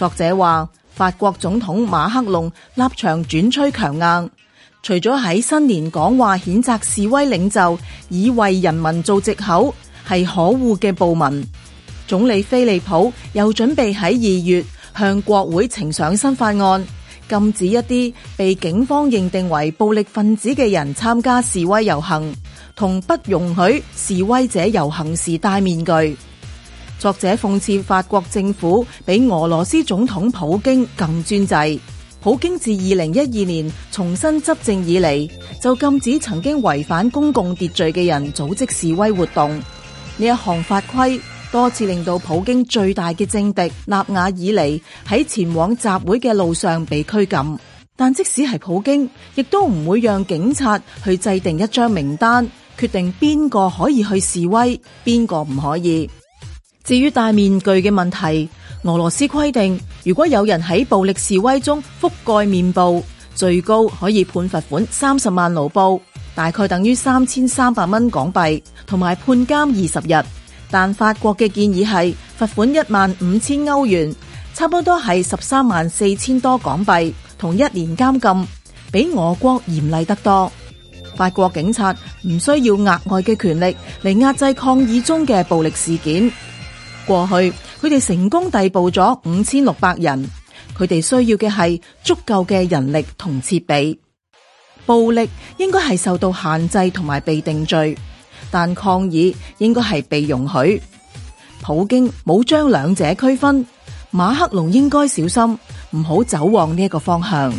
作者話：法國總統馬克龍立場轉趨強硬，除咗喺新年講話譴責示威領袖以為人民做藉口，係可惡嘅暴民。總理菲利普又準備喺二月向國會呈上新法案，禁止一啲被警方認定為暴力分子嘅人參加示威遊行，同不容許示威者遊行時戴面具。作者諷刺法國政府比俄羅斯總統普京更專制。普京自二零一二年重新執政以嚟，就禁止曾經違反公共秩序嘅人組織示威活動。呢一項法規多次令到普京最大嘅政敵納瓦爾尼喺前往集會嘅路上被拘禁。但即使係普京，亦都唔會讓警察去制定一張名單，決定邊個可以去示威，邊個唔可以。至於戴面具嘅問題，俄羅斯規定，如果有人喺暴力示威中覆蓋面部，最高可以判罰款三十萬盧布，大概等於三千三百蚊港幣，同埋判監二十日。但法國嘅建議係罰款一萬五千歐元，差不多係十三萬四千多港幣，同一年監禁，比俄國嚴厲得多。法國警察唔需要額外嘅權力嚟壓制抗議中嘅暴力事件。過去，佢哋成功逮捕咗五千六百人。佢哋需要嘅係足夠嘅人力同設備。暴力應該係受到限制同埋被定罪，但抗議應該係被容許。普京冇將兩者區分，馬克龍應該小心，唔好走往呢一個方向。